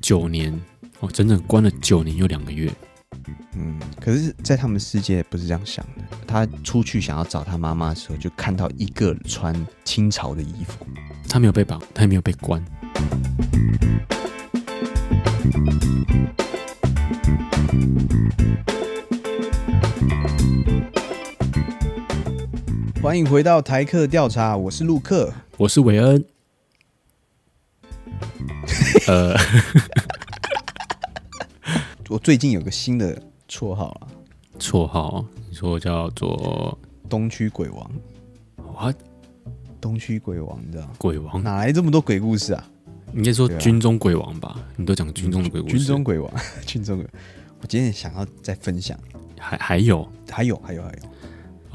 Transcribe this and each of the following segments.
九年哦，整整關了九年又兩個月。嗯，可是，在他們世界不是這樣想的。他出去想要找他媽媽的時候，就看到一個穿清朝的衣服。他沒有被綁，他也沒有被關。歡迎回到台客調查，我是陸克，我是韋恩。 呃， 我最近有個新的綽號了，啊。綽號？你說我叫做東區鬼王？哇，東區鬼王，你知道鬼王哪來這麼多鬼故事啊？你應該說軍中鬼王吧？啊，你都講軍中的鬼故事。軍中鬼王，軍中鬼王。我今天想要再分享，還還有還有還有還有。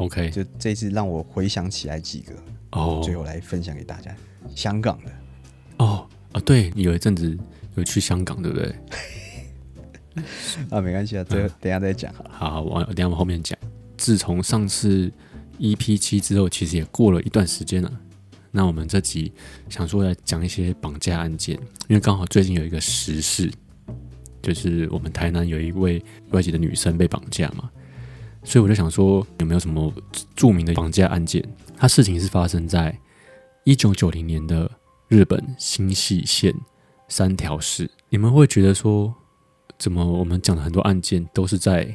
OK，就這次讓我回想起來幾個哦，然後最後來分享給大家。Oh. 香港的。啊，對，有一陣子有去香港，對不對？ 啊，沒關係啊，這、啊、等一下再講好。好，我等一下我後面講。自從上次 EP 七之後，其實也過了一段時間了、啊。那我們這集想說來講一些綁架案件，因為剛好最近有一個時事，就是我們台南有一位外籍的女生被綁架嘛，所以我就想說有沒有什麼著名的綁架案件？它事情是發生在一九九零年的。日本新潟縣三條市，你們會覺得說，怎麼我們講的很多案件都是在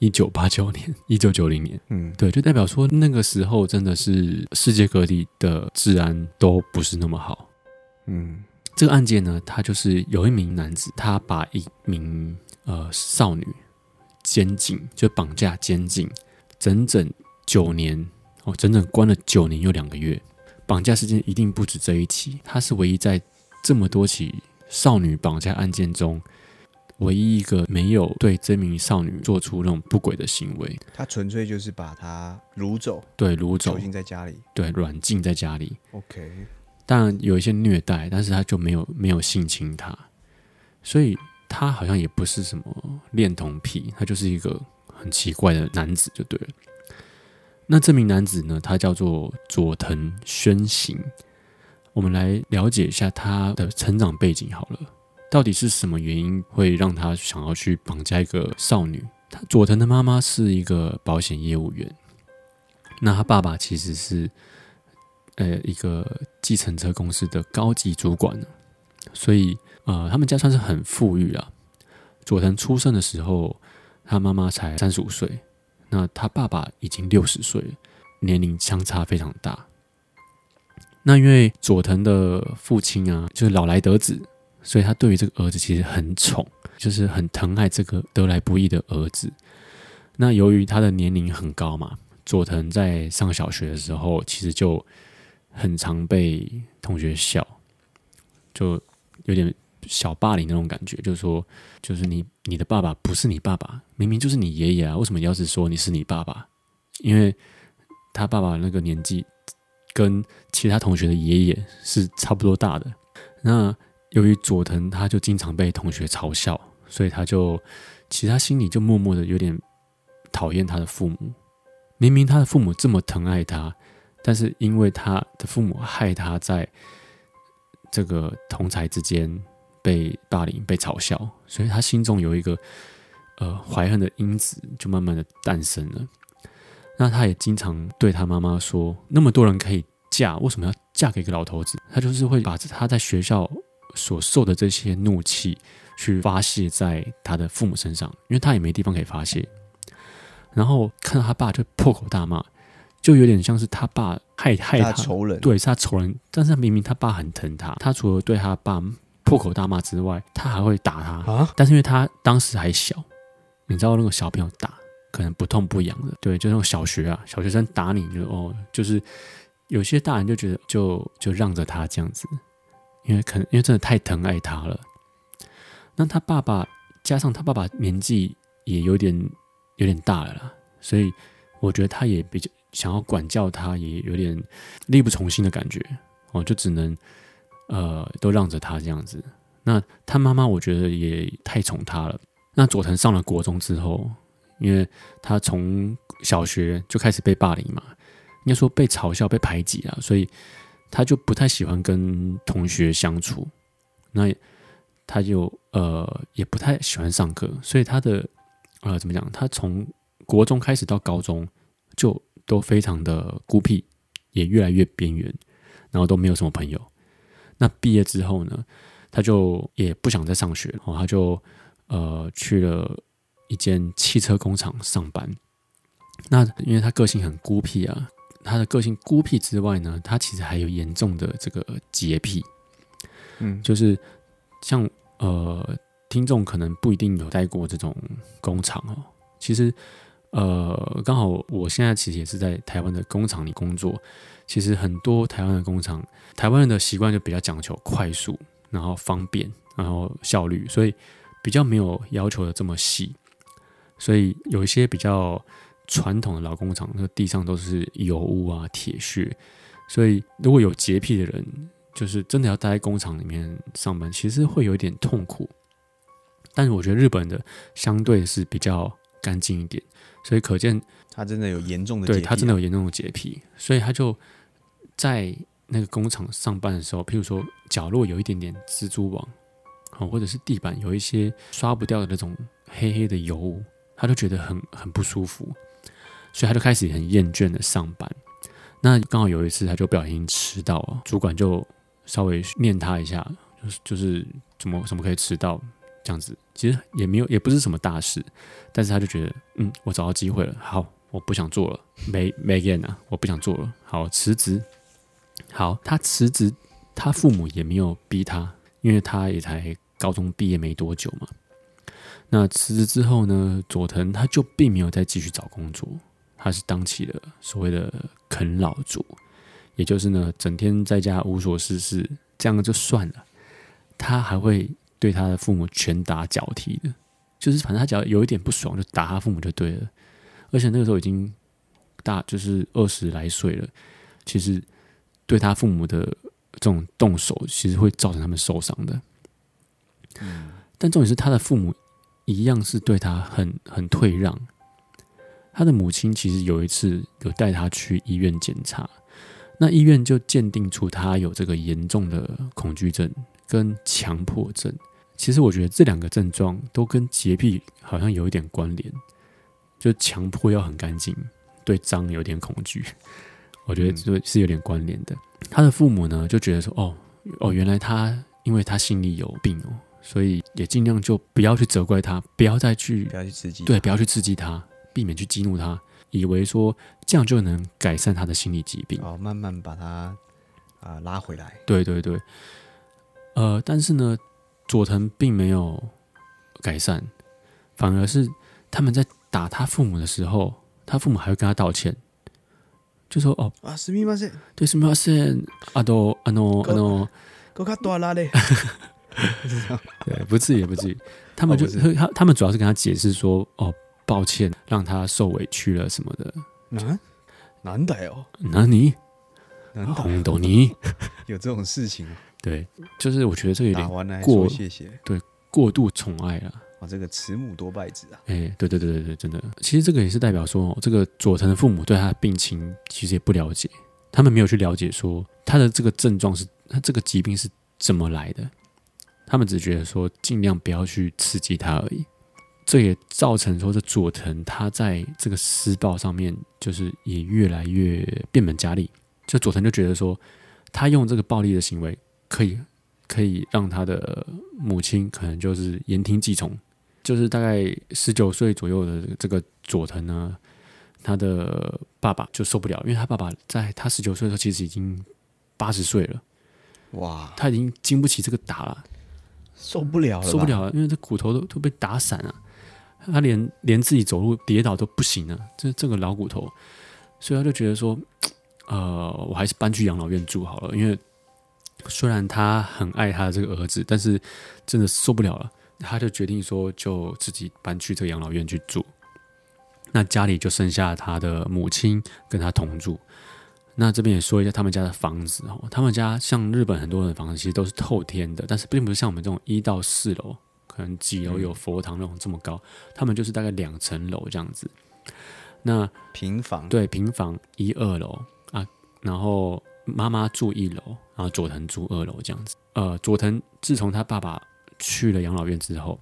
一九八九年、一九九零年？嗯，對，就代表說那個時候真的是世界各地的治安都不是那麼好。嗯，這個案件呢，他就是有一名男子，他把一名呃少女監禁，就綁架監禁整整九年哦，整整關了九年又兩個月。綁架事件一定不止這一起，他是唯一在這麼多起少女綁架案件中，唯一一個沒有對這名少女做出那種不軌的行為。他純粹就是把她擄走，對，擄走，囚禁在家裡，對，軟禁在家裡。OK，但有一些虐待，但是他就沒有沒有性侵她，所以他好像也不是什麼戀童癖，他就是一個很奇怪的男子就對了。那這名男子呢？他叫做佐藤宣行。我們來了解一下他的成長背景好了，到底是什麼原因會讓他想要去綁架一個少女？他佐藤的媽媽是一個保險業務員，那他爸爸其實是呃一個計程車公司的高級主管，所以呃他們家算是很富裕啊。佐藤出生的時候，他媽媽才三十五歲。那他爸爸已經六十歲了，年齡相差非常大。那因為佐藤的父親啊，就是老來得子，所以他對於這個兒子其實很寵，就是很疼愛這個得來不易的兒子。那由於他的年齡很高嘛，佐藤在上小學的時候，其實就很常被同學笑，就有點。小霸凌那種感覺，就是說，就是你你的爸爸不是你爸爸，明明就是你爺爺啊！為什麼你要是說你是你爸爸？因為他爸爸那個年紀跟其他同學的爺爺是差不多大的。那由於佐藤他就經常被同學嘲笑，所以他就其實他心裡就默默的有點討厭他的父母。明明他的父母這麼疼愛他，但是因為他的父母害他在這個同儕之間。被霸凌、被嘲笑，所以他心中有一個呃懷恨的因子就慢慢的誕生了。那他也經常對他媽媽說：“那麼多人可以嫁，為什麼要嫁給一個老頭子？”他就是會把他在學校所受的這些怒氣去發洩在他的父母身上，因為他也沒地方可以發洩。然後看到他爸就破口大罵，就有點像是他爸害害他，他仇人，對，是他仇人。但是明明他爸很疼他，他除了對他爸。破口大罵之外，他還會打他。但是因為他當時還小，你知道那個小朋友打可能不痛不癢的，對，就那種小學啊，小學生打你就哦，就是有些大人就覺得就就讓着他這樣子，因為可能因為真的太疼愛他了。那他爸爸加上他爸爸年紀也有點有點大了啦，所以我覺得他也比較想要管教他，也有點力不從心的感覺，哦，就只能。呃，都讓着他這樣子。那他媽媽，我覺得也太寵他了。那佐藤上了國中之後，因為他從小學就開始被霸凌嘛，應該說被嘲笑、被排擠啊，所以他就不太喜歡跟同學相處。那他就呃，也不太喜歡上課。所以他的呃，怎麼講？他從國中開始到高中，就都非常的孤僻，也越來越邊緣，然後都沒有什麼朋友。那畢業之後呢，他就也不想再上學哦，然後他就呃去了一間汽車工廠上班。那因為他個性很孤僻啊，他的個性孤僻之外呢，他其實還有嚴重的這個潔癖。嗯，就是像呃，聽眾可能不一定有待過這種工廠哦，其實。呃，剛好我現在其實也是在台灣的工廠裡工作。其實很多台灣的工廠，台灣人的習慣就比較講求快速，然後方便，然後效率，所以比較沒有要求的這麼細。所以有一些比較傳統的老工廠，那地上都是油污啊、鐵屑，所以如果有潔癖的人，就是真的要待在工廠裡面上班，其實會有一點痛苦。但是我覺得日本的相對是比較乾淨一點。所以可見，他真的有嚴重的對，對他真的有嚴重的潔癖，啊，所以他就在那個工廠上班的時候，譬如說角落有一點點蜘蛛網，哦，或者是地板有一些刷不掉的那種黑黑的油，他就覺得很很不舒服，所以他就開始很厭倦的上班。那剛好有一次他就不小心遲到，啊，主管就稍微念他一下，就是就是怎麼怎麼可以遲到。這樣子其實也沒有，也不是什麼大事，但是他就覺得，嗯，我找到機會了，好，我不想做了，沒沒幹吶，我不想做了，好辭職，好，他辭職，他父母也沒有逼他，因為他也才高中畢業沒多久嘛。那辭職之後呢，佐藤他就並沒有再繼續找工作，他是當起了所謂的啃老族，也就是呢，整天在家無所事事，這樣就算了，他還會。對他的父母拳打腳踢的，就是反正他只要有一點不爽，就打他父母就對了。而且那個時候已經大，就是二十來歲了。其實對他父母的這種動手，其實會造成他們受傷的。但重點是，他的父母一樣是對他很很退讓。他的母親其實有一次有帶他去醫院檢查，那醫院就鑑定出他有這個嚴重的恐懼症跟強迫症。其實我覺得這兩個症狀都跟潔癖好像有一點關聯，就強迫要很乾淨，對髒有點恐懼，我覺得這是有點關聯的。嗯、他的父母呢就覺得說，哦哦，原來他因為他心理有病哦，所以也儘量就不要去責怪他，不要再去，不要去對，不要去刺激他，避免去激怒他，以為說這樣就能改善他的心理疾病，哦，慢慢把他啊、呃、拉回來。對對對，呃，但是呢。佐藤並沒有改善，反而是他們在打他父母的時候，他父母還會跟他道歉，就說：“哦，對、啊，私密馬賽阿斗，阿諾，阿諾，對，不至於、啊啊啊 ，不至於。 ”他們就、哦、不是他，他們主要是跟他解釋說：“哦，抱歉，讓他受委屈了什麼的。”嗯，難的哦，難你，難懂你、啊，有這種事情。對，就是我覺得這有點過，謝謝。對，過度寵愛了。哇、哦，這個慈母多敗子啊！哎，對對對對對，真的。其實這個也是代表說，這個佐藤的父母對他的病情其實也不了解，他們沒有去了解說他的這個症狀是，他這個疾病是怎麼來的。他們只覺得說，儘量不要去刺激他而已。這也造成說，這佐藤他在這個施暴上面，就是也越來越變本加厲。就佐藤就覺得說，他用這個暴力的行為。可以可以讓他的母親可能就是言聽計從，就是大概十九歲左右的這個佐藤呢，他的爸爸就受不了了，因為他爸爸在他十九歲的時候其實已經八十歲了，哇，他已經經不起這個打了，受不了了，受不了了，因為這骨頭都都被打散了啊，他連連自己走路跌倒都不行了啊，這這個老骨頭，所以他就覺得說，呃，我還是搬去養老院住好了，因為。雖然他很愛他的這個兒子，但是真的受不了了，他就決定說，就自己搬去這個養老院去住。那家裡就剩下他的母親跟他同住。那這邊也說一下他們家的房子哦，他們家像日本很多人的房子其實都是透天的，但是並不是像我們這種一到四樓，可能幾樓有佛堂那種這麼高，他們就是大概兩層樓這樣子。那，平房。對，平房一二樓啊，然後媽媽住一樓。然後佐藤住二樓這樣子，呃，佐藤自從他爸爸去了養老院之後，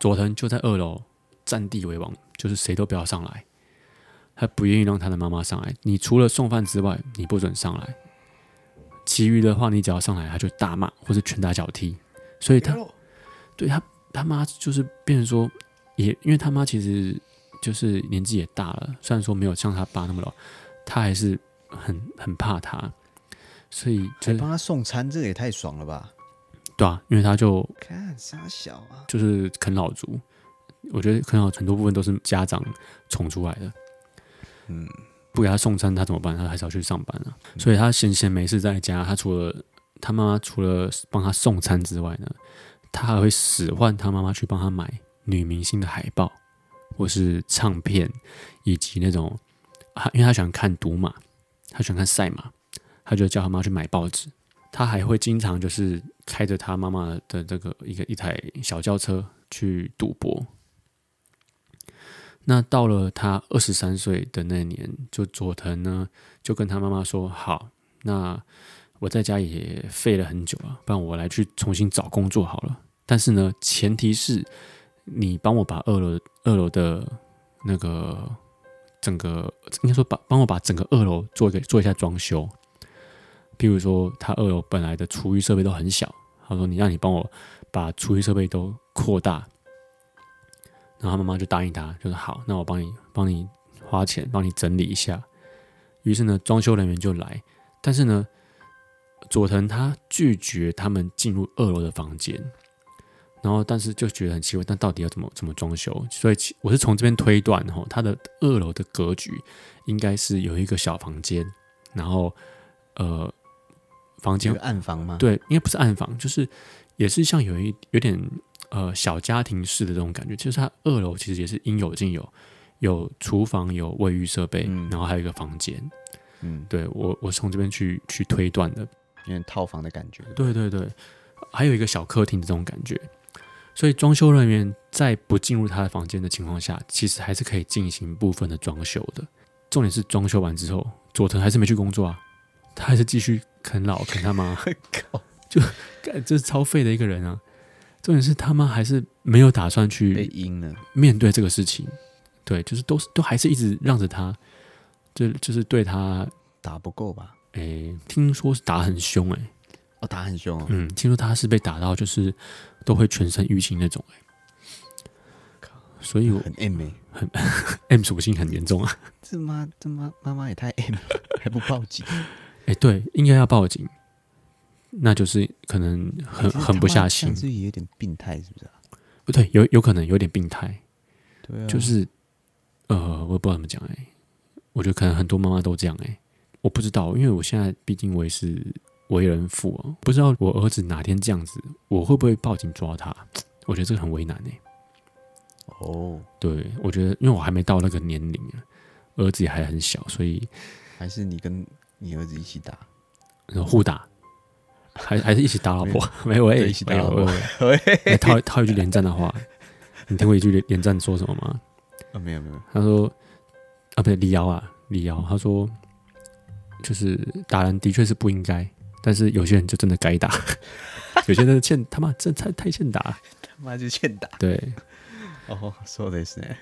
佐藤就在二樓占地為王，就是誰都不要上來。他不願意讓他的媽媽上來，你除了送飯之外，你不准上來。其餘的話，你只要上來，他就大罵或者拳打腳踢。所以他對他他媽就是變成說，也因為他媽其實就是年紀也大了，雖然說沒有像他爸那麼老，他還是很很怕他。所以、就是，幫他送餐，這個也太爽了吧？對啊，因為他就看他很傻小啊，就是啃老族。我覺得啃老族很多部分都是家長寵出來的。嗯，不給他送餐，他怎麼辦？他還是要去上班啊。嗯、所以他閒閒沒事在家，他除了他媽媽除了幫他送餐之外呢，他還會使喚他媽媽去幫他買女明星的海報，或是唱片，以及那種，因為他喜歡看賭馬，他喜歡看賽馬。他就叫他媽去買報紙，他還會經常就是開着他媽媽的這個一個一台小轎車去賭博。那到了他二十三歲的那年，就佐藤呢就跟他媽媽說：“好，那我在家也廢了很久了啊，不然我來去重新找工作好了。但是呢，前提是你幫我把二樓二樓的那個整個應該說，把幫我把整個二樓做一個做一下裝修。”譬如說，他二樓本來的廚餘設備都很小，他說：“你讓你幫我把廚餘設備都擴大。”然後他媽媽就答應他，就說、是：“好，那我幫你幫你花錢，幫你整理一下。”於是呢，裝修人員就來，但是呢，佐藤他拒絕他們進入二樓的房間。然後，但是就覺得很奇怪，但到底要怎麼怎麼裝修？所以我是從這邊推斷、哦，他的二樓的格局應該是有一個小房間，然後呃。房間、這個、暗房嗎？對，應該不是暗房，就是也是像有一有點呃小家庭式的這種感覺。其實他二樓其實也是應有盡有，有廚房、有衛浴設備、嗯，然後還有一個房間。嗯，對我我從這邊去去推斷的、嗯，有點套房的感覺。對對對，還有一個小客廳的這種感覺。所以裝修人員在不進入他的房間的情況下，其實還是可以進行部分的裝修的。重點是裝修完之後，佐藤還是沒去工作啊。他還是繼續啃老啃他媽， 就，這是超廢的一個人啊！重點是他媽還是沒有打算去被陰了，面對這個事情，對，就是都是都還是一直讓着他，就就是對他打不夠吧？誒、欸，聽說是打很凶誒、欸。哦，打很凶、哦，嗯，聽說他是被打到就是都會全身淤青那種哎、欸，所以我很 M 欸，很，很 M 屬性很嚴重啊！這媽這媽媽媽也太 M 了，還不報警？ 哎、欸，對，應該要報警，那就是可能狠狠不下心，這樣也有點病態，是不是、啊？不對，有有可能有點病態，對、哦，就是呃，我也不知道怎麼講哎、欸，我覺得可能很多媽媽都這樣哎、欸，我不知道，因為我現在畢竟我也是為人父啊，不知道我兒子哪天這樣子，我會不會報警抓他？我覺得這個很為難呢、欸。哦，對，我覺得因為我還沒到那個年齡，兒子也還很小，所以還是你跟。你兒子一起打，然後互打，還還是一起打老婆？沒我也一起打老婆。來套套一句連戰的話，你聽過一句連戰說什麼嗎？啊，沒有沒有。他說啊，不對，李敖啊，李敖他說就是打人的確是不應該，但是有些人就真的該打， 有些人欠他媽真太太欠打， 他媽就欠打。對，哦，是的呢。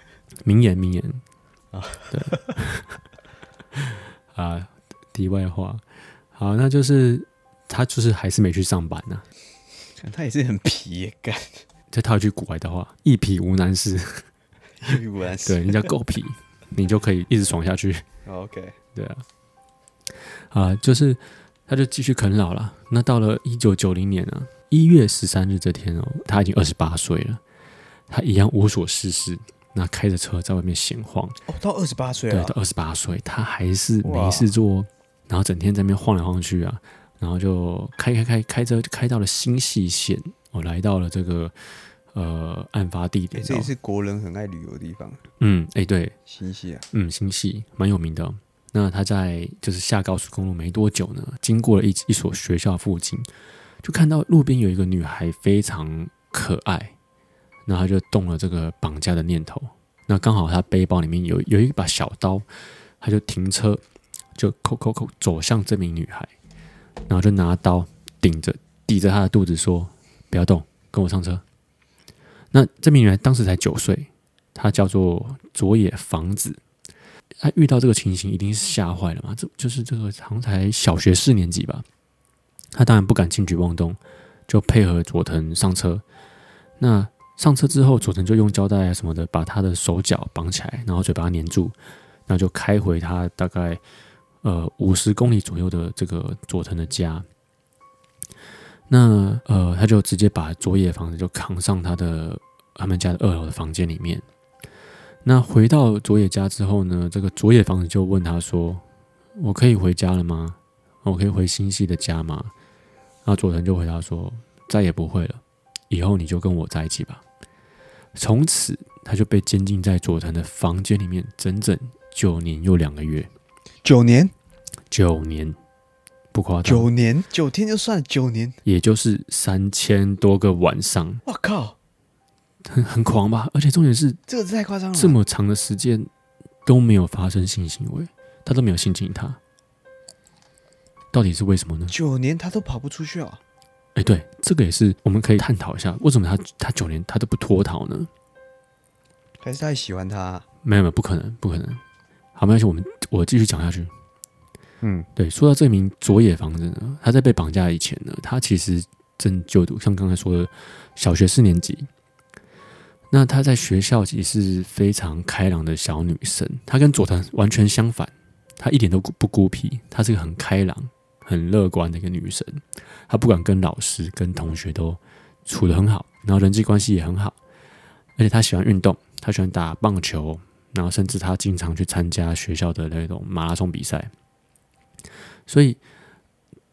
名言名言、oh. 啊，對啊。題外話，好，那就是他就是還是沒去上班吶、啊，他也是很皮、欸，幹。就套一句古話的話，“一皮無難事”，一皮無難事，難 對，人家夠皮，你就可以一直爽下去。哦、OK，對啊，啊，就是他就繼續啃老了。那到了一九九零年啊，一月十三日這天哦、喔，他已經二十八歲了，他一樣無所事事，那開着車在外面閒晃。哦，到二十八歲，對，到二十八歲，他還是沒事做。然後整天在那邊晃來晃去啊，然後就開開開開車，就開到了新潟縣，我、哦、來到了這個呃案發地點。這裡是國人很愛旅遊的地方。嗯，哎、欸、對，新潟啊，嗯，新潟蠻有名的。那他在就是下高速公路沒多久呢，經過了一一所學校附近，就看到路邊有一個女孩非常可愛，那他就動了這個綁架的念頭。那剛好他背包裡面有有一把小刀，他就停車。就扣扣扣走向這名女孩，然後就拿刀頂着抵着她的肚子說：“不要動，跟我上車。”那這名女孩當時才九歲，她叫做佐野房子。她遇到這個情形一定是嚇壞了嘛？這就是這個，她才小學四年級吧？她當然不敢輕舉妄動，就配合佐藤上車。那上車之後，佐藤就用膠帶什麼的把她的手腳綁起來，然後嘴巴黏住，然後就開回她大概。呃，五十公里左右的這個佐藤的家，那呃，他就直接把佐野房子就扛上他的他們家的二樓的房間裡面。那回到佐野家之後呢，這個佐野房子就問他說：“我可以回家了嗎？我可以回新潟的家嗎？”那佐藤就回答說：“再也不會了，以後你就跟我在一起吧。”從此，他就被監禁在佐藤的房間裡面整整九年又兩個月，九年。九年，不誇張。九年九天就算九年，也就是三千多個晚上。我靠，很 很狂吧？而且重點是，這個太誇張了。這麼長的時間都沒有發生性行為，他都沒有性侵他，到底是為什麼呢？九年他都跑不出去哦。哎、欸，對，這個也是我們可以探討一下，為什麼他他九年他都不脫逃呢？還是他也喜歡他？沒有沒有，不可能不可能。好，沒關係，我們我繼續講下去。嗯，對，說到這名佐野房子呢，她在被綁架以前呢，她其實正就讀像剛才說的，小學四年級。那她在學校其實是非常開朗的小女生，她跟佐藤完全相反，她一點都不孤僻，她是個很開朗、很樂觀的一個女生。她不管跟老師、跟同學都處得很好，然後人際關係也很好，而且她喜歡運動，她喜歡打棒球，然後甚至她經常去參加學校的那種馬拉松比賽。所以，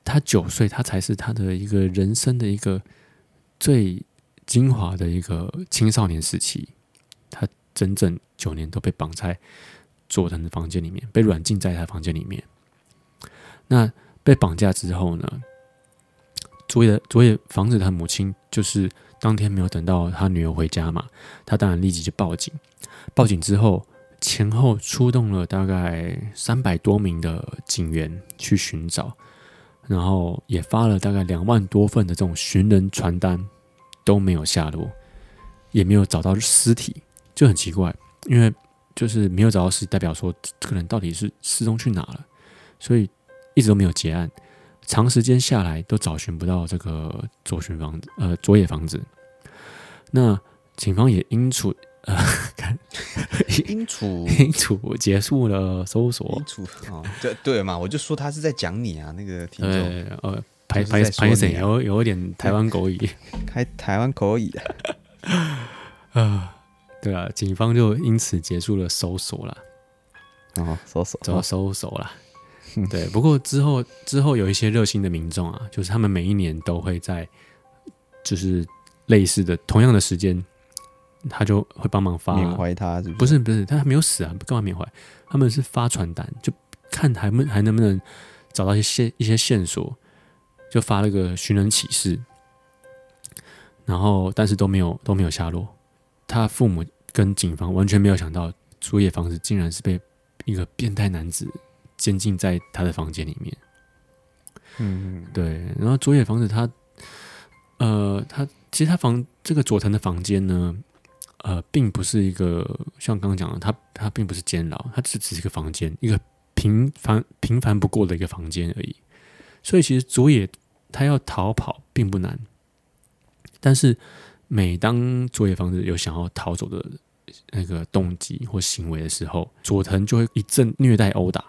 他九歲，他才是他的一個人生的一個最精華的一個青少年時期。他整整九年都被綁在佐藤的房間裡面，被軟禁在他的房間裡面。那被綁架之後呢，佐？佐野佐野，房子他母親就是當天沒有等到他女兒回家嘛，他當然立即就報警。報警之後。前後出動了大概三百多名的警員去尋找，然後也發了大概兩萬多份的這種尋人傳單，都沒有下落，也沒有找到屍體，就很奇怪，因為就是沒有找到屍體，代表說這個人到底是失蹤去哪了，所以一直都沒有結案，長時間下來都找尋不到這個佐尋房子，呃佐野房子，那警方也因此。啊， 清楚清楚，結束了搜索。清楚哦，對對嘛，我就說他是在講你啊，那個聽眾。對，對，呃、嗯，拍拍拍審有有一點台灣口語，開，開，開台灣口語了。啊、 呃，對啊，警方就因此結束了搜索了。啊，搜索，怎麼搜索啦？嗯、對，不過之後之後有一些熱心的民眾啊，就是他們每一年都會在，就是類似的同樣的時間。他就會幫忙發、啊、緬懷他是不是，不是不是他還沒有死啊，幹嘛緬懷？他們是發傳單，就看還還還能不能找到一些線一些線索，就發了個尋人啟事。然後，但是都沒有都沒有下落。他父母跟警方完全沒有想到，佐野房子竟然是被一個變態男子監禁在他的房間裡面。嗯，對。然後佐野房子他，呃，他其實他房這個佐藤的房間呢。呃，並不是一個像剛剛講的，他他並不是監牢，他只只是一個房間，一個平凡平凡不過的一個房間而已。所以其實佐野他要逃跑並不難，但是每當佐野房子有想要逃走的那個動機或行為的時候，佐藤就會一陣虐待毆打，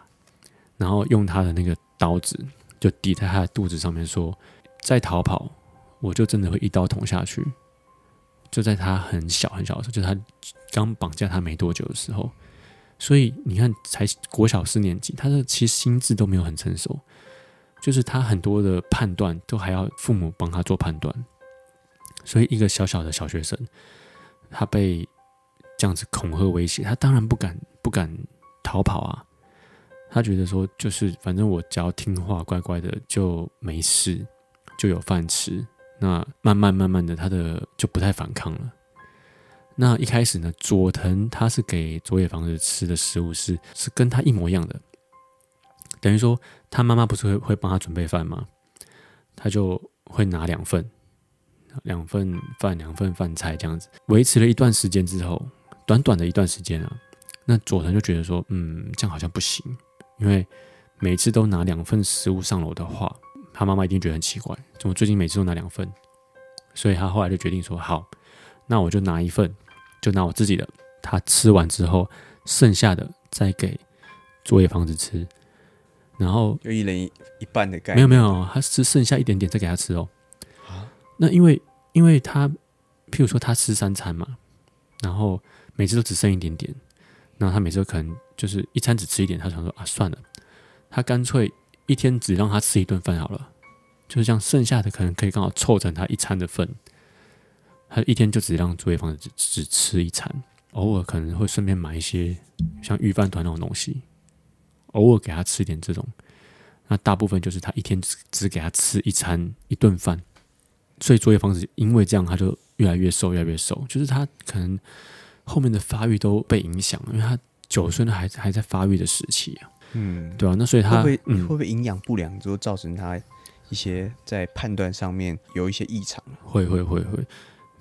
然後用他的那個刀子就抵在他的肚子上面說，說再逃跑我就真的會一刀捅下去。就在他很小很小的時候，就他剛綁架他沒多久的時候，所以你看才國小四年級，他的其實心智都沒有很成熟，就是他很多的判斷都還要父母幫他做判斷，所以一個小小的小學生，他被這樣子恐嚇威脅，他當然不敢不敢逃跑啊，他覺得說就是反正我只要聽話乖乖的就沒事，就有飯吃。那慢慢慢慢的，他的就不太反抗了。那一開始呢，佐藤他是給佐野房子吃的食物是是跟他一模一樣的，等於說他媽媽不是會會幫他準備飯嗎？他就會拿兩份兩份飯兩份飯菜這樣子維持了一段時間之後，短短的一段時間啊，那佐藤就覺得說，嗯，這樣好像不行，因為每次都拿兩份食物上樓的話。他媽媽一定覺得很奇怪，怎麼最近每次都拿兩份？所以他後來就決定說：“好，那我就拿一份，就拿我自己的，他吃完之後，剩下的再給佐野房子吃，然後就一人一半的概念。沒有沒有，他吃剩下一點點再給他吃哦。啊、那因為因為他，譬如說他吃三餐嘛，然後每次都只剩一點點，那他每次都可能就是一餐只吃一點。他想說啊，算了，他乾脆。一天只讓他吃一頓飯好了，就是這樣。剩下的可能可以剛好湊成他一餐的份。他一天就只讓佐野房子只，只吃一餐，偶爾可能會順便買一些像御飯糰那種東西，偶爾給他吃一點這種。那大部分就是他一天只，只給他吃一餐一頓飯，所以佐野房子因為這樣，他就越來越瘦，越來越瘦，就是他可能後面的發育都被影響，因為他九歲的孩子還在發育的時期啊。嗯，對啊，那所以他會不會、嗯、會不會營養不良，就造成他一些在判斷上面有一些異常？會、嗯、會會會，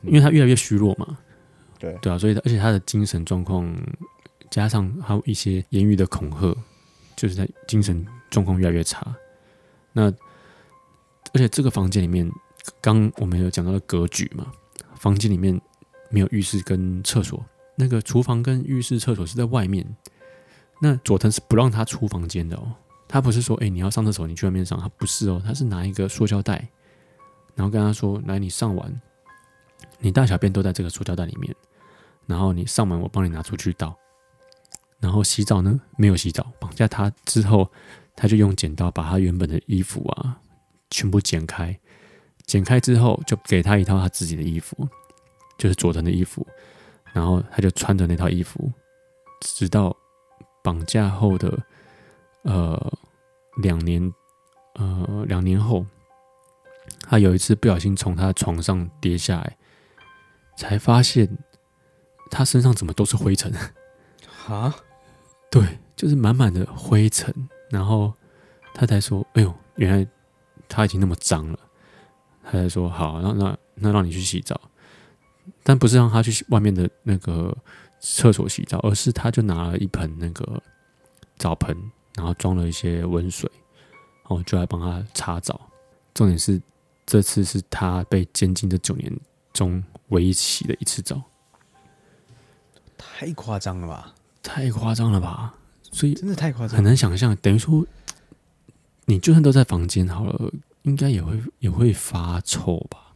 因為他越來越虛弱嘛。對對啊，所以而且他的精神狀況，加上還有一些言語的恐嚇，就是他精神狀況越來越差。那而且這個房間裡面，剛剛我們有講到的格局嘛，房間裡面沒有浴室跟廁所，那個廚房跟浴室廁所是在外面。那佐藤是不讓他出房間的哦。他不是說：“哎，你要上廁所，你去外面上。”他不是哦，他是拿一個塑膠袋，然後跟他說：“來，你上完，你大小便都在這個塑膠袋裡面。然後你上完，我幫你拿出去倒。然後洗澡呢，沒有洗澡。綁架他之後，他就用剪刀把他原本的衣服啊全部剪開，剪開之後就給他一套他自己的衣服，就是佐藤的衣服，然後他就穿着那套衣服，直到……綁架後的呃兩年，呃兩年後，他有一次不小心從他的床上跌下來，才發現他身上怎麼都是灰塵。啊？對，就是滿滿的灰塵。然後他才說：“哎呦，原來他已經那麼髒了。”他才說：“好，那那那讓你去洗澡，但不是讓他去外面的那個。”廁所洗澡，而是他就拿了一盆那個澡盆，然後裝了一些溫水，然後就來幫他擦澡。重點是這次是他被監禁的九年中唯一洗了一次澡，太誇張了吧？太誇張了吧？所以真的太誇張，很難想象。等於說，你就算都在房間好了，應該也會也會發臭吧？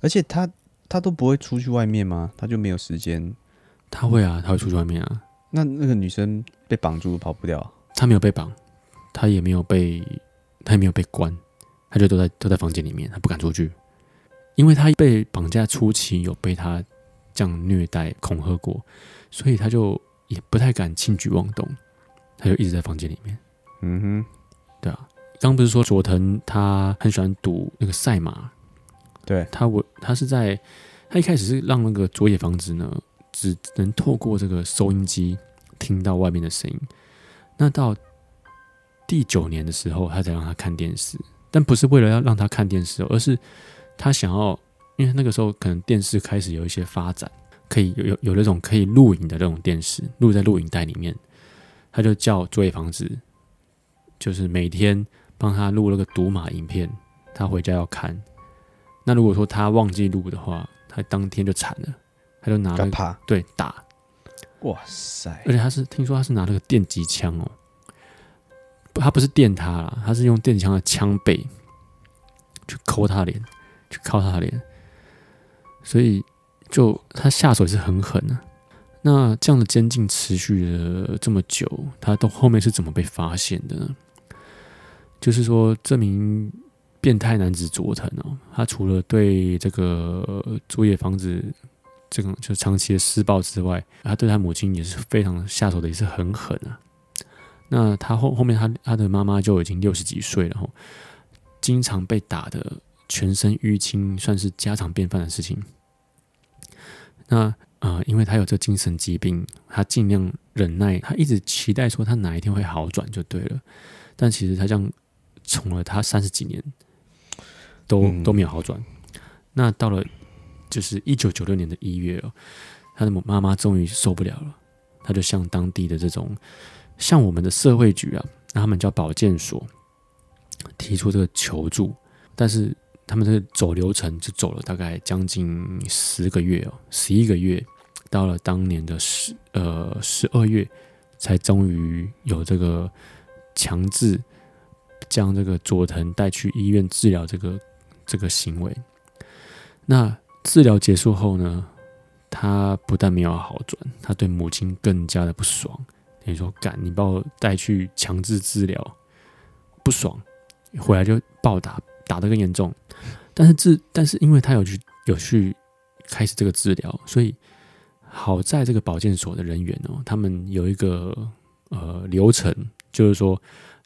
而且他。他都不會出去外面嗎？他就沒有時間。他會啊，他會出去外面啊。那那個女生被綁住，跑不掉啊。他沒有被綁，他也沒有被，他也沒有被關，他就躲在躲在房間裡面，他不敢出去，因為他被綁架初期有被他這樣虐待恐嚇過，所以他就也不太敢輕舉妄動，他就一直在房間裡面。嗯哼，對啊。剛剛不是說佐藤他很喜歡賭那個賽馬？對他，我他是在他一開始是讓那個佐野房子呢，只能透過這個收音機聽到外面的聲音。那到第九年的時候，他才讓他看電視，但不是為了要讓他看電視，而是他想要，因為那個時候可能電視開始有一些發展，可以有有有那種可以錄影的那種電視，錄在錄影帶裡面。他就叫佐野房子，就是每天幫他錄那個賭馬影片，他回家要看。那如果說他忘記錄的話，他當天就慘了，他就拿了對打，哇塞！而且他是聽說他是拿了個電擊槍哦，不，他不是電他啦，他是用電擊槍的槍背去摳他臉，去靠他臉，所以就他下手也是很狠，狠啊。那這樣的監禁持續了這麼久，他到後面是怎麼被發現的呢？就是說，這名。變態男子佐藤哦，他除了對這個佐野、呃、房子這種、個、就長期的施暴之外，他對他母親也是非常下手的，也是很狠，狠啊。那他後後面他，他他的媽媽就已經六十幾歲了、哦，經常被打的全身淤青，算是家常便飯的事情。那啊、呃，因為他有這精神疾病，他盡量忍耐，他一直期待說他哪一天會好轉就對了。但其實他這樣寵了他三十幾年。都都沒有好轉。嗯，那到了就是一九九六年的一月哦，他的媽媽終於受不了了，他就向當地的這種，像我們的社會局啊，那他們叫保健所，提出這個求助，但是他們這個走流程就走了大概將近十個月哦，十一個月，到了當年的十呃十二月，才終於有這個強制將這個佐藤帶去醫院治療這個。這個行為，那治療結束後呢，他不但沒有好轉，他對母親更加的不爽。你說幹，你把我帶去強制治療，不爽，回來就暴打，打得更嚴重。但是治，但是因為他有去有去開始這個治療，所以好在這個保健所的人員哦，他們有一個呃流程，就是說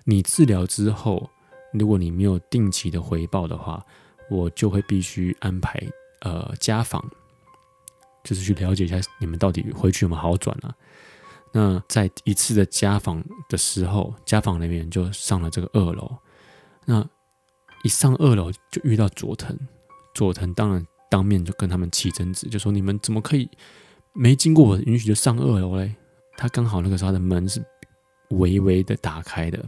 你治療之後，如果你沒有定期的回報的話，我就會必須安排呃家訪，就是去了解一下你們到底回去有沒有好轉了啊。那在一次的家訪的時候，家訪那邊就上了這個二樓。那一上二樓就遇到佐藤，佐藤當然當面就跟他們起爭執，就說你們怎麼可以沒經過我允許就上二樓嘞？他剛好那個時候他的門是微微的打開的。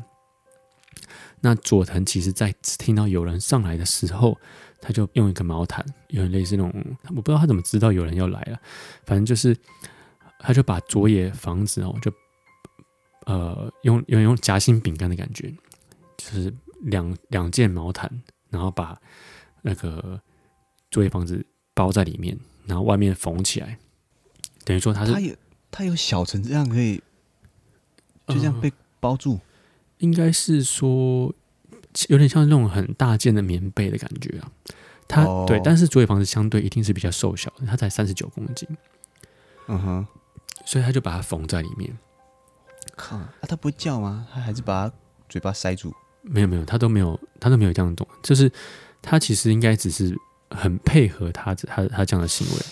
那佐藤其實，在聽到有人上來的時候，他就用一個毛毯，有點類似那種，我不知道他怎麼知道有人要來了。反正就是，他就把佐野房子哦，然後就呃用用用夾心餅乾的感覺，就是兩兩件毛毯，然後把那個佐野房子包在裡面，然後外面縫起來，等於說他是他有他有小成這樣可以，就這樣被包住。呃應該是說，有點像那種很大件的棉被的感覺啊。他、哦、對，但是佐野房子相對一定是比較瘦小的，他才三十九公斤。嗯哼，所以他就把它縫在裡面。靠、啊，那他不會叫嗎？他還是把嘴巴塞住？嗯、沒有沒有，他都沒有，他都沒有這樣動。就是他其實應該只是很配合他他他這樣的行為。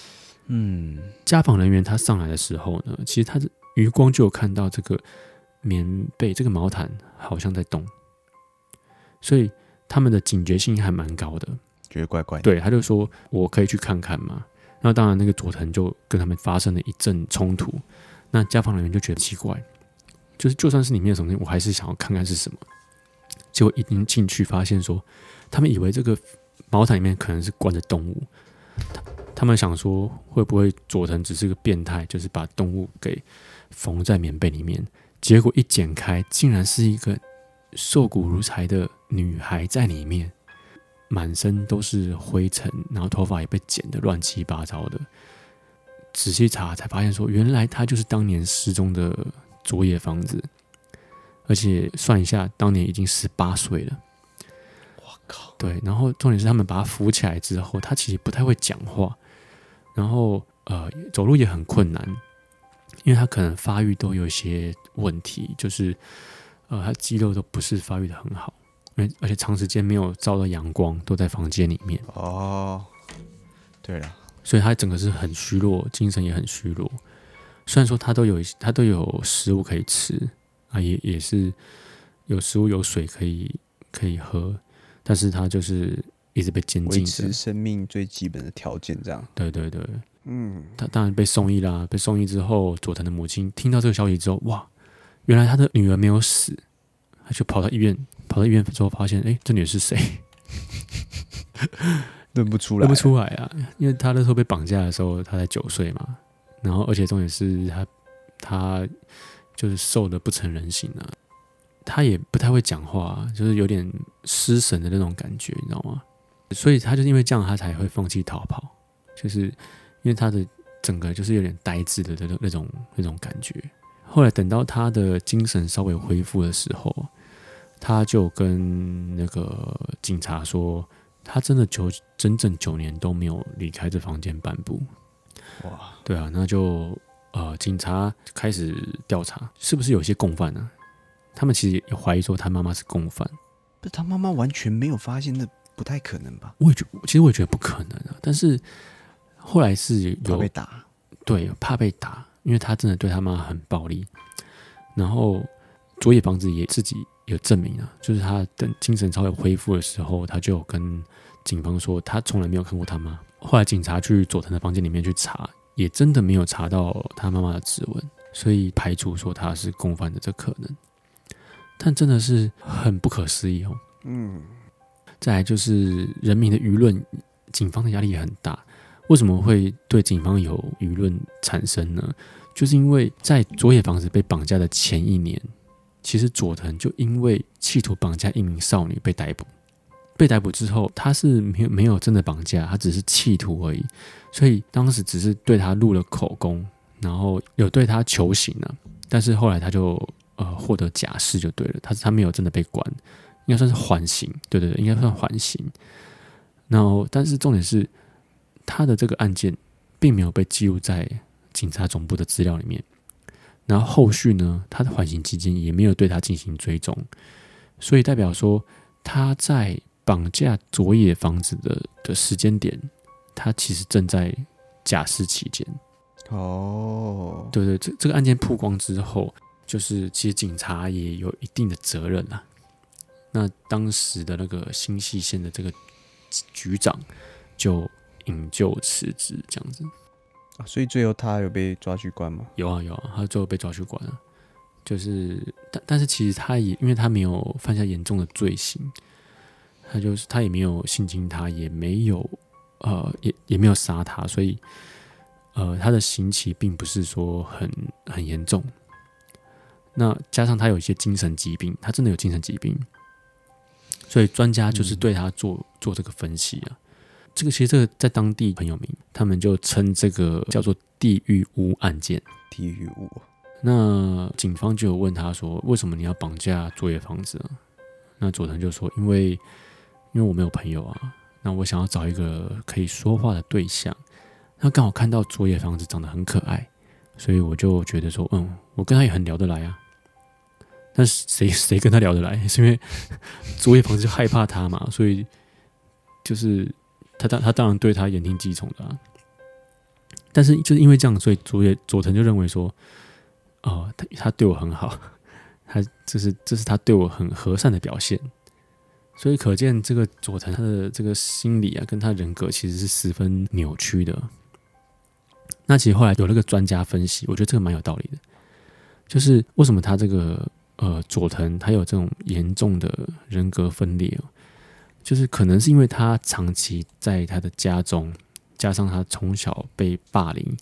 嗯，家訪人員他上來的時候呢，其實他的餘光就有看到這個。棉被這個毛毯好像在動，所以他們的警覺性還蠻高的，覺得怪怪的。對，他就說：“我可以去看看嘛。”那當然，那個佐藤就跟他們發生了一陣衝突。那家訪人員就覺得奇怪，就是就算是裡面有什麼，我還是想要看看是什麼。結果一進去發現說，說他們以為這個毛毯裡面可能是關着動物，他他們想說會不會佐藤只是個變態，就是把動物給縫在棉被裡面。結果一剪開，竟然是一個瘦骨如柴的女孩在裡面，滿身都是灰塵，然後頭髮也被剪得亂七八糟的。仔細查才發現說，說原來她就是當年失蹤的佐野房子，而且算一下，當年已經十八歲了。我靠！對，然後重點是他們把她扶起來之後，她其實不太會講話，然後呃，走路也很困難。因為他可能發育都有一些問題，就是呃，他肌肉都不是發育得很好，而而且長時間沒有照到陽光，都在房間裡面。哦，對了，所以他整個是很虛弱，精神也很虛弱。雖然說他都有他都有食物可以吃啊，也也是有食物有水可以可以喝，但是他就是一直被監禁，維持生命最基本的條件這樣。對對對。嗯，他當然被送醫啦、啊。被送醫之後，佐藤的母親聽到這個消息之後，哇，原來他的女兒沒有死，他就跑到醫院，跑到醫院之後發現，哎、欸，這女兒是誰？認 不出來，認不出來啊！因為他那時候被綁架的時候，他才九歲嘛，然後而且重點是他，他他就是瘦的不成人形了、啊，他也不太會講話、啊，就是有點失神的那種感覺，你知道嗎？所以他就是因為這樣，他才會放棄逃跑，就是。因為他的整個就是有點呆滯的那種那種那種感覺。後來等到他的精神稍微恢復的時候，他就跟那個警察說：“他真的九，真正九年都沒有離開這房間半步。”哇，對啊，那就呃，警察開始調查，是不是有些共犯呢，啊？他們其實也懷疑說他媽媽是共犯，但他媽媽完全沒有發現，這不太可能吧？我也覺，其實我也覺得不可能啊，但是。後來是有怕被打，對，有怕被打，因為他真的對他媽很暴力。然後佐野房子也自己有證明啊，就是他等精神稍微恢復的時候，他就跟警方說他從來沒有看過他媽。後來警察去佐藤的房間裡面去查，也真的沒有查到他媽媽的指紋，所以排除說他是共犯的這可能。但真的是很不可思議哦。嗯，再來就是人民的輿論，警方的壓力也很大。為什麼會對警方有輿論產生呢？就是因為在佐野房子被綁架的前一年，其實佐藤就因為企圖綁架一名少女被逮捕。被逮捕之後，他是沒有沒有真的綁架，他只是企圖而已。所以當時只是對他錄了口供，然後有對他求刑了啊。但是後來他就呃獲得假釋就對了，他他沒有真的被關，應該算是緩刑。對對對，應該算緩刑。然後，但是重點是。他的這個案件並沒有被記錄在警察總部的資料裡面，然後後續呢，他的緩刑期間也沒有對他進行追蹤，所以代表說他在綁架佐野房子的的時間點，他其實正在假釋期間。哦、oh.，對對，這這個案件曝光之後，就是其實警察也有一定的責任啦、啊。那當時的那個新潟縣的這個局長就。引咎辭職這樣子啊，所以最後他有被抓去關嗎？有啊有啊，他最後被抓去關了。就是，但但是其實他也因為他沒有犯下嚴重的罪行，他就是他也沒有性侵他，也沒有呃也也沒有殺他，所以呃他的刑期並不是說很很嚴重。那加上他有一些精神疾病，他真的有精神疾病，所以專家就是對他做、嗯、做這個分析啊。這個其實這個在當地很有名，他們就稱這個叫做“地獄屋案件”。地獄屋。那警方就有問他，說為什麼你要綁架佐野房子啊？那佐藤就說：“因為因為我沒有朋友啊，那我想要找一個可以說話的對象。那剛好看到佐野房子長得很可愛，所以我就覺得說，嗯，我跟他也很聊得來啊。但是誰誰跟他聊得來？是因為佐野房子就害怕他嘛，所以就是。”他當他當然對他言聽計從的、啊，但是就是因為這樣，所以佐野佐藤就認為說，哦、呃，他他對我很好，他這是這是他對我很和善的表現，所以可見這個佐藤他的這個心理啊，跟他人格其實是十分扭曲的。那其實後來有那個專家分析，我覺得這個蠻有道理的，就是為什麼他這個呃佐藤他有這種嚴重的人格分裂、啊。就是可能是因為他長期在他的家中，加上他從小被霸凌，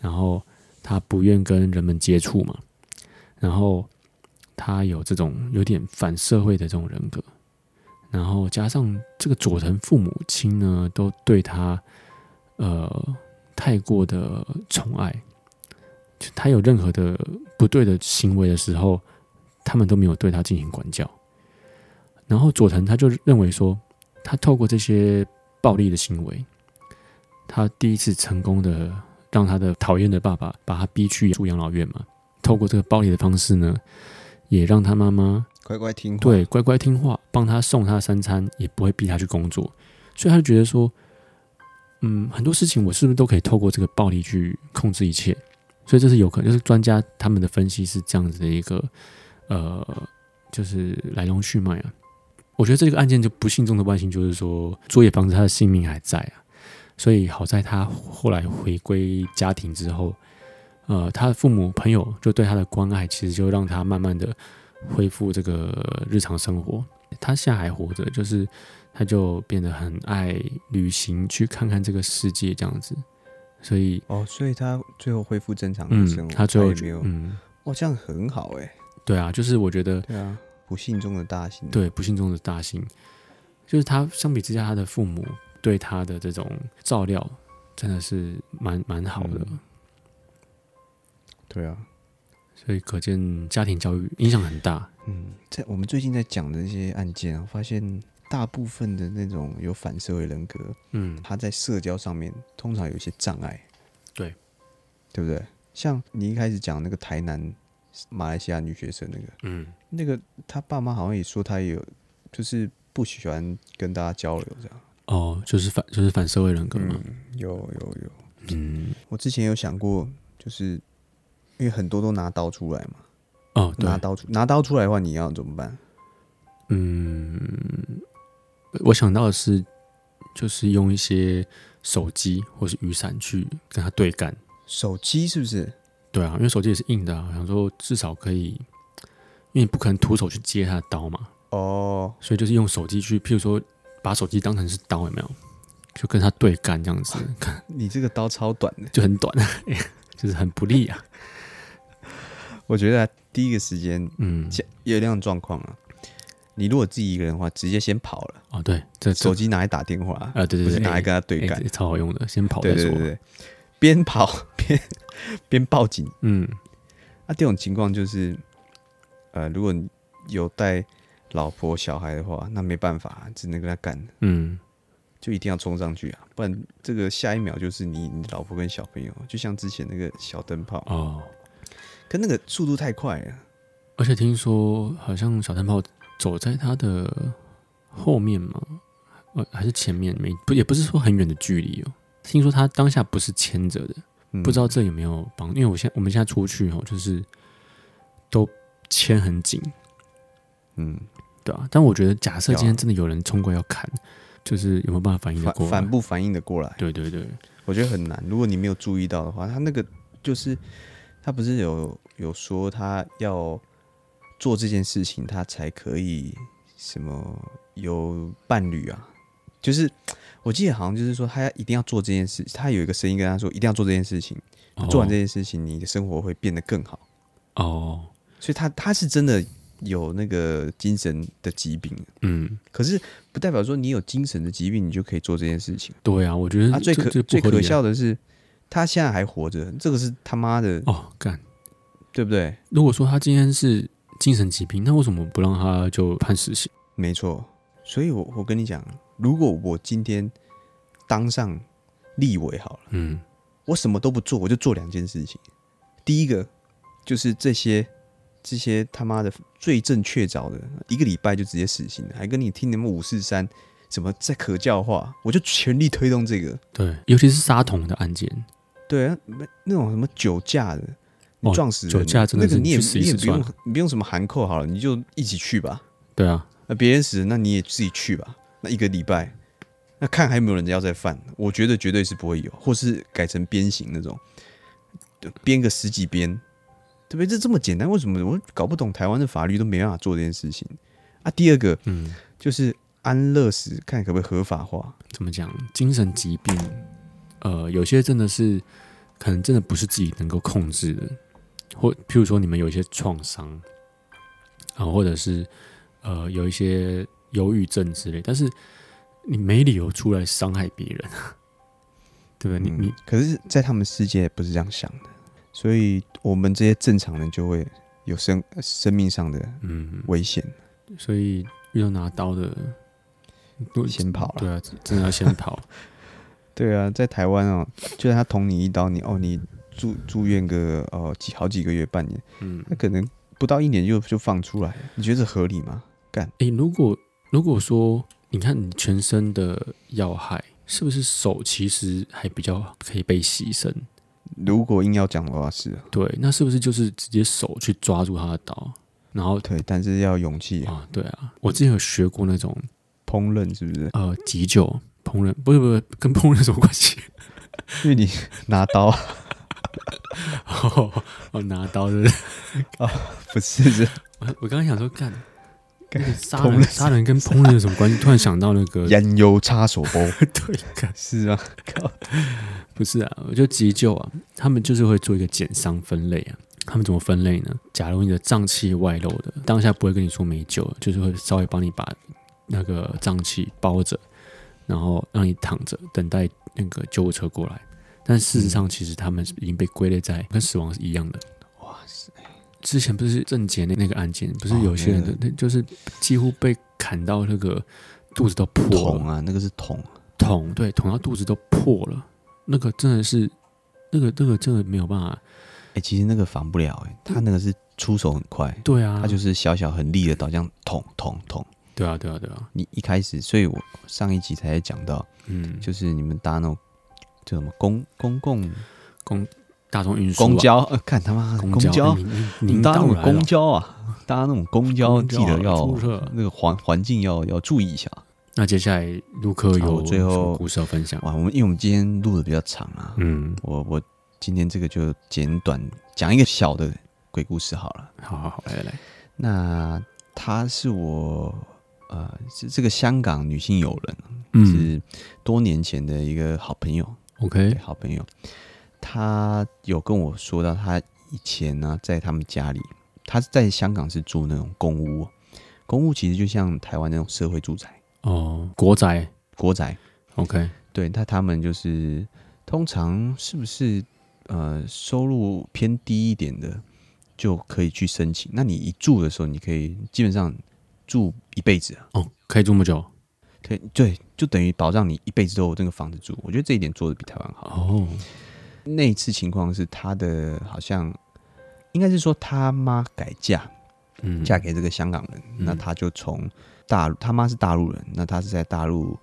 然後他不願跟人們接觸嘛，然後他有這種有點反社會的這種人格，然後加上這個佐藤父母親呢都對他呃太過的寵愛，就他有任何的不對的行為的時候，他們都沒有對他進行管教。然後佐藤他就認為說，他透過這些暴力的行為，他第一次成功的讓他的討厭的爸爸把他逼去住養老院嘛。透過這個暴力的方式呢，也讓他媽媽乖乖聽話，對，乖乖聽話，幫他送他三餐，也不會逼他去工作。所以他就覺得說，嗯，很多事情我是不是都可以透過這個暴力去控制一切？所以這是有可能，就是專家他們的分析是這樣子的一個呃，就是來龍去脈啊。我覺得這個案件就不幸中的萬幸，就是說佐野房子他的性命還在啊，所以好在他後來回歸家庭之後，呃，他的父母朋友就對他的關愛，其實就讓他慢慢的恢復這個日常生活。他現在還活着，就是他就變得很愛旅行，去看看這個世界這樣子。所以哦，所以他最後恢復正常的生活，他最後嗯，哇，這樣很好哎！對啊，就是我覺得對啊。不幸中的大幸，對，不幸中的大幸，就是他相比之下，他的父母對他的這種照料真的是蠻蠻好的，嗯。對啊，所以可見家庭教育影響很大。嗯，在我們最近在講的那些案件啊，發現大部分的那種有反社會人格，嗯，他在社交上面通常有一些障礙。對，對不對？像你一開始講那個台南。馬來西亞女學生那個，嗯，那個她爸媽好像也說她也有，就是不喜歡跟大家交流這樣。哦，就是反就是反社會人格嘛。嗯，有有有，嗯，我之前有想過，就是因為很多都拿刀出來嘛。哦，對，拿刀出拿刀出來的話，你要怎麼辦？嗯，我想到的是，就是用一些手機或是雨傘去跟他對幹。手機是不是？對啊，因為手機也是硬的啊，然後至少可以，因為你不可能徒手去接他的刀嘛。哦、oh，所以就是用手機去，譬如說把手機當成是刀，有沒有？就跟他對幹這樣子。你這個刀超短的，就很短，欸、就是很不利啊。 我覺得第一個時間，嗯，也有這樣的狀況啊。你如果自己一個人的話，直接先跑了哦、啊。對，這對手機拿來打電話啊、呃。對對、對，拿來跟他對幹，欸欸、超好用的。先跑再說，對對對、對。邊跑邊邊報警，嗯，啊，這種情況就是，呃，如果你有帶老婆小孩的話，那沒辦法，只能跟他幹，嗯，就一定要衝上去啊，不然這個下一秒就是你你老婆跟小朋友，就像之前那個小燈泡哦，跟那個速度太快了，而且聽說好像小燈泡走在他的後面嗎，呃，還是前面沒不也不是說很遠的距離哦、喔。聽說他當下不是牽着的、嗯，不知道這有沒有幫？因為我現在我們現在出去哦，就是都牽很緊，嗯，對啊。但我覺得，假設今天真的有人衝過要砍要，就是有沒有辦法反應得過來反？反不反應得過來？對對對，我覺得很難。如果你沒有注意到的話，他那個就是他不是有有說他要做這件事情，他才可以什麼有伴侶啊？就是，我記得好像就是說，他要一定要做這件事。他有一個聲音跟他說，一定要做這件事情。做完這件事情，你的生活會變得更好。哦、oh. oh.，所以他他是真的有那個精神的疾病。嗯，可是不代表說你有精神的疾病，你就可以做這件事情。對啊，我覺得他最可最可笑的是，他現在還活着，這個是他媽的哦幹、oh,，對不對？如果說他今天是精神疾病，那為什麼不讓他就判死刑？沒錯。所以我，我我跟你講，如果我今天當上立委好了，嗯，我什麼都不做，我就做兩件事情。第一個就是這些這些他媽的罪證確鑿的，一個禮拜就直接死刑，還跟你聽你們五四三怎麼在可教化，我就全力推動這個。對，尤其是殺童的案件。對啊，那種什麼酒駕的，你撞死人，哦，酒駕真的是，那個，你，也你，試試你也不用，你不用什麼函扣好了，你就一起去吧。對啊。那別人死，那你也自己去吧。那一個禮拜，那看還有沒有人要再犯，我覺得絕對是不會有，或是改成鞭刑那種，編個十幾鞭。特別是這麼簡單，為什麼我搞不懂？台灣的法律都沒辦法做這件事情啊？第二個，嗯，就是安樂死，看可不可以合法化？怎麼講？精神疾病，呃，有些真的是可能真的不是自己能夠控制的，或譬如說你們有一些創傷啊，或者是。呃，有一些憂鬱症之類，但是你沒理由出來傷害別人，啊，對不對，嗯。你你，可是，在他們世界也不是這樣想的，所以我們這些正常人就會有生生命上的危嗯危險。所以遇到拿刀的，都先跑了。對啊，真的要先跑。 對啊，在台灣哦，喔，就算他捅你一刀，你哦，你住住院個哦幾好幾個月，半年，嗯，那可能不到一年就就放出來，你覺得這合理嗎？哎，如果如果說你看你全身的要害，是不是手其實還比較可以被犧牲？如果硬要講的話，是。對，那是不是就是直接手去抓住他的刀？然後，對，但是要勇氣啊。啊對啊、嗯，我之前有學過那種烹飪，是不是？呃，急救烹飪不是不是跟烹飪有什麼關係？因為你拿刀 哦，我，哦、拿刀是不是？哦、不是，是我我剛剛想說幹。跟、那、殺、個、人殺人跟烹飪有什麼關係？突然想到那個鹽 油插手包 對，對，是啊，靠，不是啊，我覺得急救啊，他們就是會做一個減傷分類啊。他們怎麼分類呢？假如你的臟器外露的，當下不會跟你說沒救了，就是會稍微幫你把那個臟器包着，然後讓你躺着等待那個救護車過來。但事實上，其實他們是已經被歸類在跟死亡是一樣的。之前不是鄭捷那那個案件，不是有些人的、哦那個，那就是幾乎被砍到那個肚子都破了啊！那個是捅捅，對，捅到肚子都破了。那個真的是，那個那個真的沒有辦法。哎、欸，其實那個防不了，欸，哎，他那個是出手很快。對啊，他就是小小很利的刀，這樣捅捅捅。對啊，對啊，對啊！你一開始，所以我上一集才講到，嗯，就是你們搭那種叫什麼公公共公。大眾運輸，公交，啊、看他媽公交，搭那種公交啊，搭那種公交，公交記得要那個環環境要要注意一下。那接下來陸科有、啊、最後故事要分享哇，我們因為我們今天錄的比較長啊，嗯，我我今天這個就簡短講一個小的鬼故事好了，好好好來來來，那他是我呃是這個香港女性友人，嗯，是多年前的一個好朋友，OK，、嗯、好朋友。他有跟我說到，他以前呢、啊、在他們家裡，他在香港是住那種公屋，公屋其實就像台灣那種社會住宅哦，國宅國宅，OK，對，他他們就是通常是不是呃收入偏低一點的就可以去申請？那你一住的時候，你可以基本上住一輩子哦，可以住這麼久？可以對，就等於保障你一輩子都有這個房子住。我覺得這一點做的比台灣好哦。那一次情況是他的，好像應該是說他媽改嫁，嗯，嫁給這個香港人，嗯、那他就從大陸，他媽是大陸人，那他是在大陸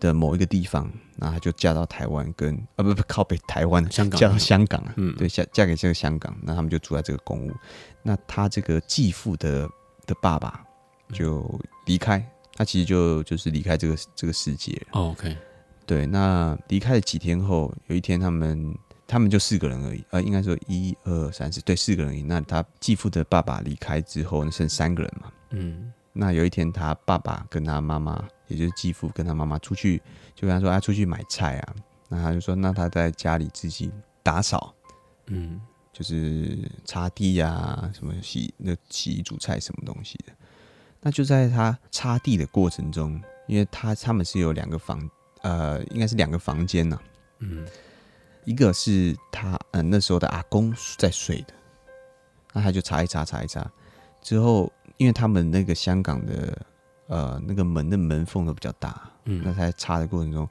的某一個地方，那他就嫁到台灣跟，啊，不不靠北台灣，香港，嫁到香港啊、嗯，對，嫁嫁給這個香港，那他們就住在這個公屋，那他這個繼父的的爸爸就離開，他其實就就是離開這個這個世界、哦，OK，對，那離開了幾天後，有一天他們。他們就四個人而已，呃，應該說一二三四，對，四個人而已。那他繼父的爸爸離開之後，那剩三個人嘛。嗯，那有一天，他爸爸跟他媽媽，也就是繼父跟他媽媽出去，就跟他說：“他、啊、出去買菜啊。”那他就說：“那他在家裡自己打掃，嗯，就是擦地呀、啊，什麼洗那洗衣煮菜什麼東西的。”那就在他擦地的過程中，因為他他們是有兩個房，呃，應該是兩個房間吶、啊。嗯。一個是他，嗯、呃，那時候的阿公在睡的，那他就擦一擦，擦一擦之後，因為他們那個香港的，呃，那個門的門縫都比較大，嗯，那他在擦的過程中，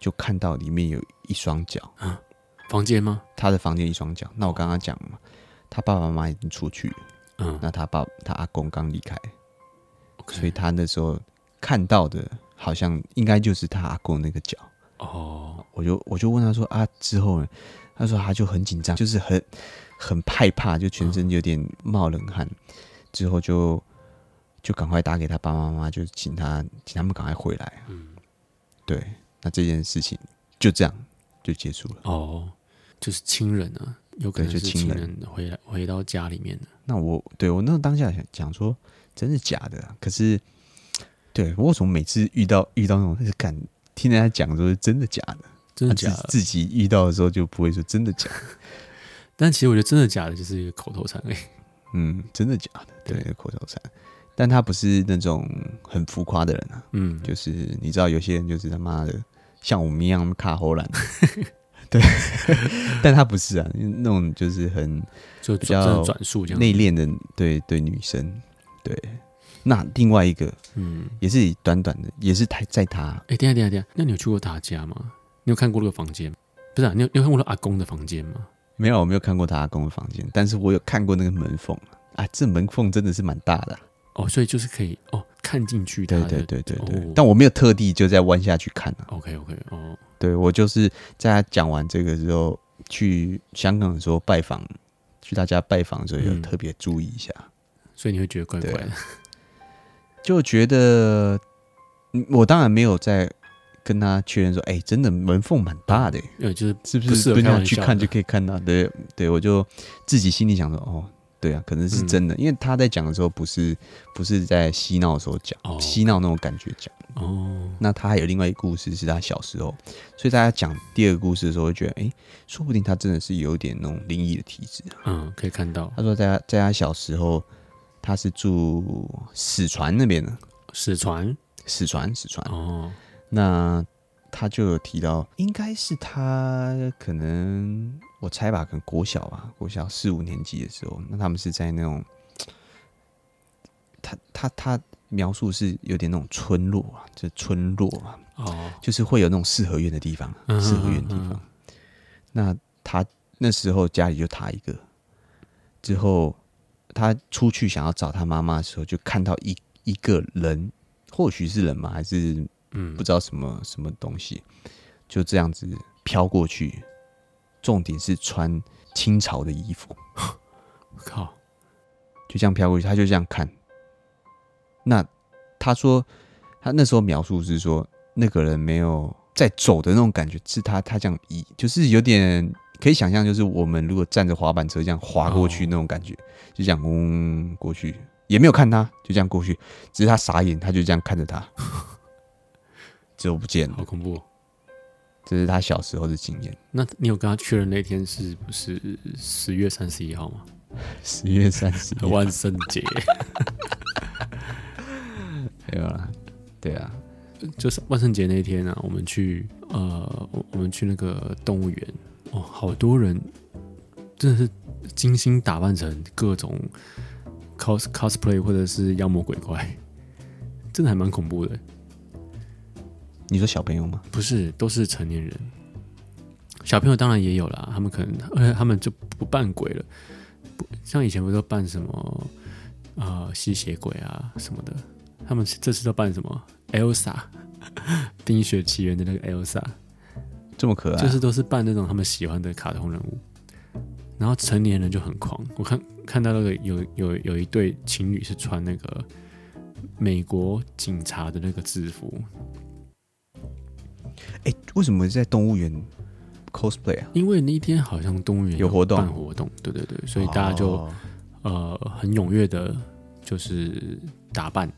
就看到裡面有一雙腳、啊，房間嗎？他的房間一雙腳。那我剛剛講了嘛，他爸爸媽媽已經出去了，嗯，那他爸他阿公剛離開、okay，所以他那時候看到的，好像應該就是他阿公那個腳。哦、oh.，我就我就問他說啊，之後呢？他說他就很緊張，就是很很害怕，就全身有點冒冷汗。Oh. 之後就就趕快打給他爸爸媽媽，就請他請他們趕快回來。嗯、mm.，對，那這件事情就這樣就結束了。哦、oh.，就是親人啊，有可能是親人回來回到家裡面的。那我對我那個當下想講說，真的假的？可是對，我為什麼每次遇到遇到那種是感？聽人家講，說是真的假的，真的假的，自己遇到的時候就不會說真的假的。但其實我覺得真的假的就是一個口頭禪，哎，嗯，真的假的，對，對口頭禪。但他不是那種很浮誇的人啊，嗯，就是你知道有些人就是他媽的像我們一樣卡喉蘭， 對，但他不是啊，那種就是很就比較內斂的，對對，女生，對。那另外一個，嗯，也是短短的，也是他在他。哎、欸，等下等下等下，那你有去過他家嗎？你有看過那個房間？不是啊，你有你有看過那個阿公的房間嗎？沒有，我沒有看過他阿公的房間，但是我有看過那個門縫啊，這門縫真的是蠻大的、啊、哦，所以就是可以哦看進去他的。對對對對對、哦，但我沒有特地就在彎下去看啊、嗯。OK OK，哦，對我就是在他講完這個之後去香港的時候拜訪，去他家拜訪的時候有特別注意一下、嗯，所以你會覺得怪怪的。 就覺得，我當然沒有在跟他確認說，哎、欸，真的門縫蠻大的，對，就是是不是對去看就可以看到？對，對我就自己心裡想說，哦，對啊，可能是真的，嗯、因為他在講的時候不，不是不是在嬉鬧的時候講，嬉、哦、鬧那種感覺講。哦，那他還有另外一個故事，是他小時候，所以大家講第二個故事的時候，會覺得，哎、欸，說不定他真的是有點那種靈異的體質。嗯，可以看到。他說，在他在他小時候。他是住史傳那邊的，史傳史傳史傳，哦。那他就有提到，應該是他可能我猜吧，可能國小吧，國小四五年級的時候，那他們是在那種，他他他描述是有點那種村落啊，就是、村落啊，哦，就是會有那種四合院的地方，嗯嗯四合院的地方嗯嗯。那他那時候家裡就他一個，之後。他出去想要找他媽媽的時候，就看到一一個人，或許是人嘛，還是不知道什麼什麼東西，就這樣子飄過去。重點是穿清朝的衣服，靠，就這樣飄過去，他就這樣看。那他說，他那時候描述是說，那個人沒有在走的那種感覺，是他他這樣一，就是有點。可以想象，就是我們如果站着滑板車這樣滑過去那種感覺，哦、就這樣嗡過去，也沒有看他，就這樣過去，只是他傻眼，他就這樣看着他，就不見了。好恐怖、哦！這是他小時候的經驗。那你有跟他確認那天是不是十月三十一號嗎？十 月三十一，萬聖節。 沒有啦，對啊，就是萬聖節那天啊，我們去呃，我們去那個動物園。哦，好多人真的是精心打扮成各種 cos cosplay 或者是妖魔鬼怪，真的還蠻恐怖的。你說小朋友嗎？不是，都是成年人。小朋友當然也有啦，他們可能、呃、他們就不扮鬼了不像以前不是都扮什麼呃吸血鬼啊什麼的，他們這次都扮什麼？Elsa， 冰雪奇緣的那個 Elsa。這麼可愛、啊，就是都是扮那種他們喜歡的卡通人物，然後成年人就很狂。我看看到，那個有有有一對情侶是穿那個美國警察的那個制服。哎、欸，為什麼在動物園 cosplay 啊？因為那一天好像動物園有活動，辦活動，對對對，所以大家就、哦、呃很踴躍的，就是打扮。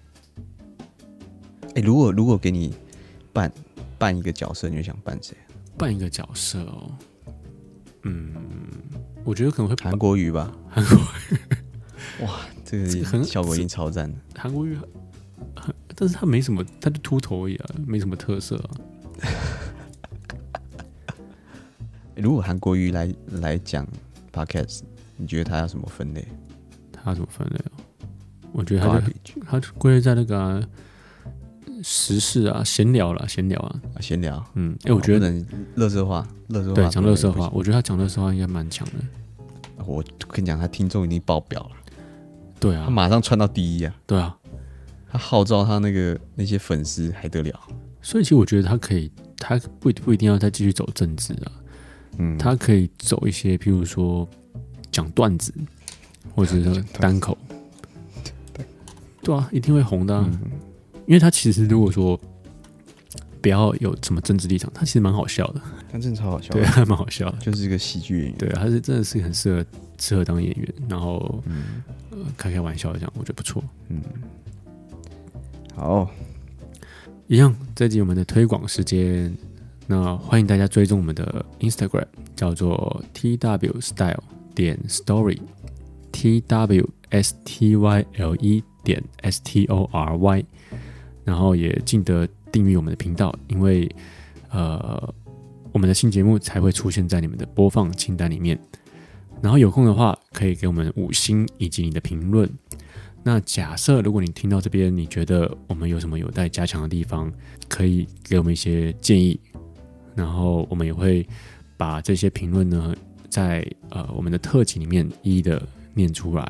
哎、欸，如果如果給你扮扮一個角色，你會想扮誰？扮一個角色哦、喔，嗯，我覺得可能會韓國瑜吧，韓國瑜，哇，這個很效果已經超讚。韓國瑜，但是他沒什麼，他就禿頭呀、啊，沒什麼特色啊。如果韓國瑜來來講 podcast，你覺得他要什麼分類？他要什麼分類啊？我覺得他就、Garbage. 他歸類在那個啊。時事啊，閒聊了，閒聊啊，閒聊。嗯，哎、欸，我覺得、哦、能垃圾話，樂色對講垃圾話，啊，我覺得他講垃圾話應該蠻強的。我跟你講，他聽眾已經爆表了。對啊，他馬上竄到第一啊。對啊，他號召他那個那些粉絲還得了？所以其實我覺得他可以，他不不一定要再繼續走政治啊。嗯，他可以走一些，譬如說講段子，或者是單口。 對，對啊，一定會紅的，啊。嗯嗯因為他其實如果說不要有什麼政治立場，他其實蠻好笑的。他真的超好笑的，對，他還蠻好笑的，就是一個喜劇演員。對，他是真的是很適合適合當演員，然後開開玩笑這樣，我覺得不錯。嗯，好，一樣，這集我們的推廣時間，那歡迎大家追蹤我們的 Instagram，叫做 t w style 點 story，t w s t y l e 點 s t o r y。然後也記得訂閱我們的頻道，因為，呃，我們的新節目才會出現在你們的播放清單裡面。然後有空的話，可以給我們五星以及你的評論。那假設如果你聽到這邊，你覺得我們有什麼有待加強的地方，可以給我們一些建議。然後我們也會把這些評論呢，在呃我們的特輯裡面一一的念出來。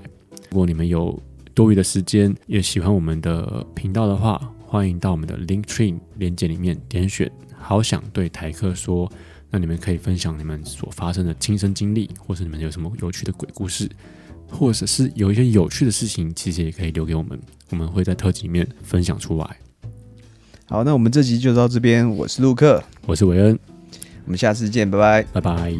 如果你們有多餘的時間，也喜歡我們的頻道的話，歡迎到我們的 Link Tree 連接裡面點選。好，想對台客說，那你們可以分享你們所發生的親身經歷，或是你們有什麼有趣的鬼故事，或者是有一些有趣的事情，其實也可以留給我們，我們會在特輯裡面分享出來。好，那我們這集就到這邊，我是陸克，我是韋恩，我們下次見，拜拜，拜拜。